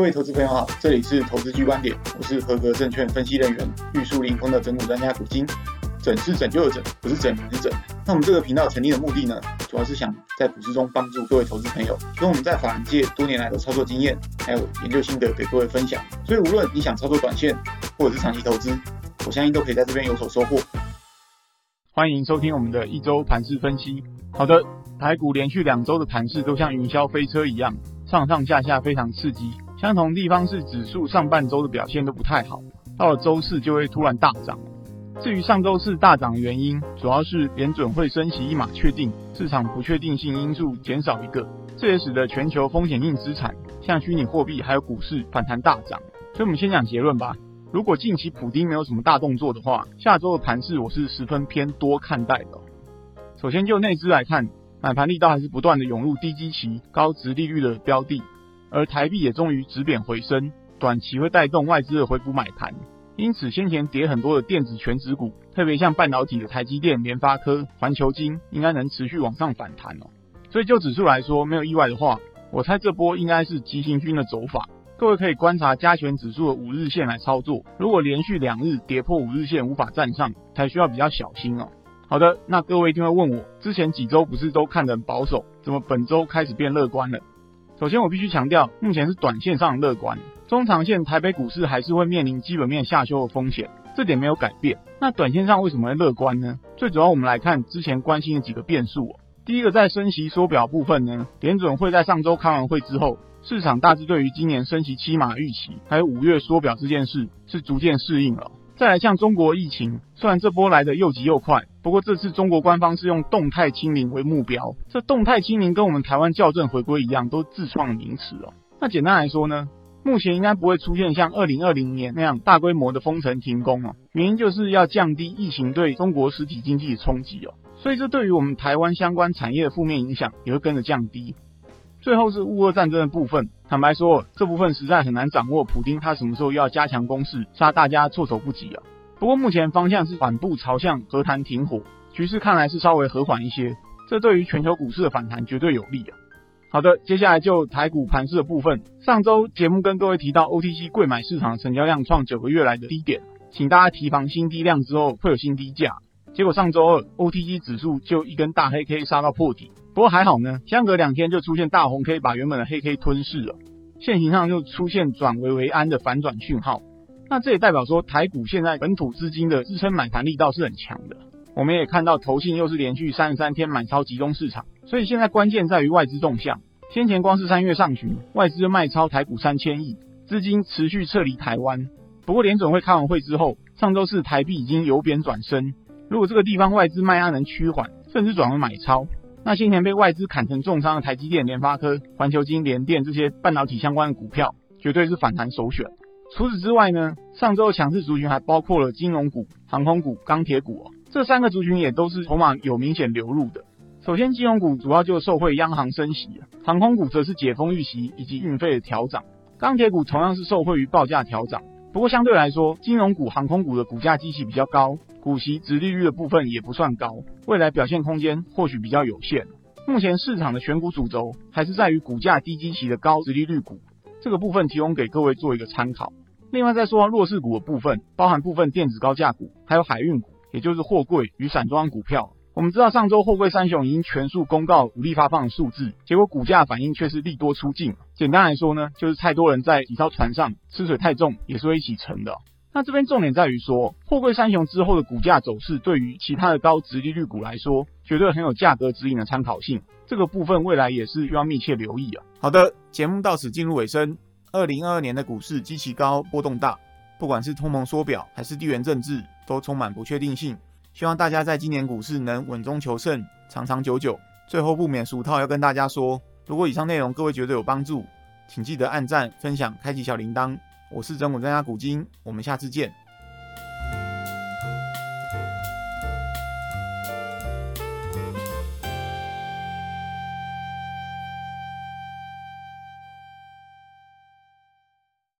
各位投資朋友好，這裡是投資 G 觀點，我是合格證券分析人員、玉樹臨風的整股專家股金。整是拯救的整，不是整人的整。那我們這個頻道成立的目的呢，主要是想在股市中幫助各位投資朋友，用我們在法人界多年來的操作經驗，還有研究心得給各位分享。所以無論你想操作短線，或者是長期投資，我相信都可以在這邊有所收穫。歡迎收聽我們的一周盤勢分析。好的，台股連續兩周的盤勢都像雲霄飛車一樣，上上下下非常刺激。相同地方是指數上半週的表現都不太好，到了週四就會突然大漲。至於上週四大漲的原因，主要是聯準會升息一碼，確定市場不確定性因素減少一個，這也使得全球風險性資產，像虛擬貨幣還有股市反彈大漲。所以我們先講結論吧。如果近期普丁沒有什麼大動作的話，下週的盤勢我是十分偏多看待的。首先就內資來看，買盤力道還是不斷的湧入低基期、高殖利率的標的。而台幣也終於止貶回升，短期會帶動外資的回補買盤，因此先前跌很多的電子權值股，特別像半導體的台積電、聯發科、環球晶，應該能持續往上反彈哦。所以就指數來說，沒有意外的話，我猜這波應該是急行軍的走法。各位可以觀察加權指數的五日線來操作，如果連續兩日跌破五日線無法站上，才需要比較小心哦。好的，那各位一定會問我，之前幾周不是都看得很保守，怎麼本周開始變樂觀了？首先，我必須強調，目前是短線上樂觀，中長線台北股市還是會面臨基本面下修的風險，這點沒有改變。那短線上為什麼會樂觀呢？最主要我們來看之前關心的幾個變數。第一個，在升息縮表部分呢，聯準會在上週開完會之後，市場大致對於今年升息七碼預期，還有五月縮表這件事，是逐漸適應了。再來像中國疫情，雖然這波來得又急又快，不過這次中國官方是用動態清零為目標。這動態清零跟我們台灣校正回歸一樣，都自創名詞哦。那簡單來說呢，目前應該不會出現像二零二零年那樣大規模的封城停工哦，原因就是要降低疫情對中國實體經濟的衝擊哦。所以這對於我們台灣相關產業的負面影響也會跟着降低。最後是烏俄戰爭的部分。坦白說，這部分實在很難掌握，普丁他什麼時候又要加強攻勢，殺大家措手不及啊？不過目前方向是緩步朝向和談停火，局勢看來是稍微和緩一些，這對於全球股市的反彈絕對有利啊。好的，接下來就台股盤勢的部分。上週節目跟各位提到 OTC 櫃買市場成交量創九個月來的低點，請大家提防新低量之後會有新低價。結果上週二 OTC 指數就一根大黑 K 殺到破底。不過還好呢，相隔兩天就出現大紅 K 把原本的黑 K 吞噬了，線形上就出現轉危為安的反轉訊號。那這也代表說台股現在本土資金的支撐買盤力道是很強的。我們也看到投信又是連續三十三天買超集中市場，所以現在關鍵在於外資動向。先前光是三月上旬，外資賣超台股三千億，資金持續撤離台灣。不過聯準會開完會之後，上周四台幣已經由貶轉升，如果這個地方外資賣壓能趨緩，甚至轉為買超。那些年被外資砍成重傷的台積電、聯發科、環球晶、聯電這些半導體相關的股票，絕對是反彈首選。除此之外呢，上週的強勢族群還包括了金融股、航空股、鋼鐵股，這三個族群也都是籌碼有明顯流入的。首先，金融股主要就是受惠央行升息，航空股則是解封預期以及運費的調漲，鋼鐵股同樣是受惠於報價調漲。不過相對來說，金融股、航空股的股價基期比較高，股息、殖利率的部分也不算高，未來表現空間或許比較有限。目前市場的選股主軸還是在於股價低基期的高殖利率股，這個部分提供給各位做一個參考。另外，再說到弱勢股的部分，包含部分電子高價股，還有海運股，也就是貨櫃與散裝股票。我們知道上週貨櫃三雄已經全數公告股利發放數字，結果股價反應卻是利多出盡。簡單來說呢，就是太多人在一艘船上吃水太重，也是會一起沉的。那這邊重點在於說，貨櫃三雄之後的股價走勢，對於其他的高殖利率股來說，絕對很有價格指引的參考性。這個部分未來也是需要密切留意啊。好的，節目到此進入尾聲。二零二二年的股市極其高波動大，不管是通膨縮表還是地緣政治，都充滿不確定性。希望大家在今年股市能穩中求勝，長長久久。最後不免俗套，要跟大家說，如果以上內容各位覺得有幫助，請記得按讚、分享、開啟小鈴鐺。我是整蠱專家古今，我們下次見。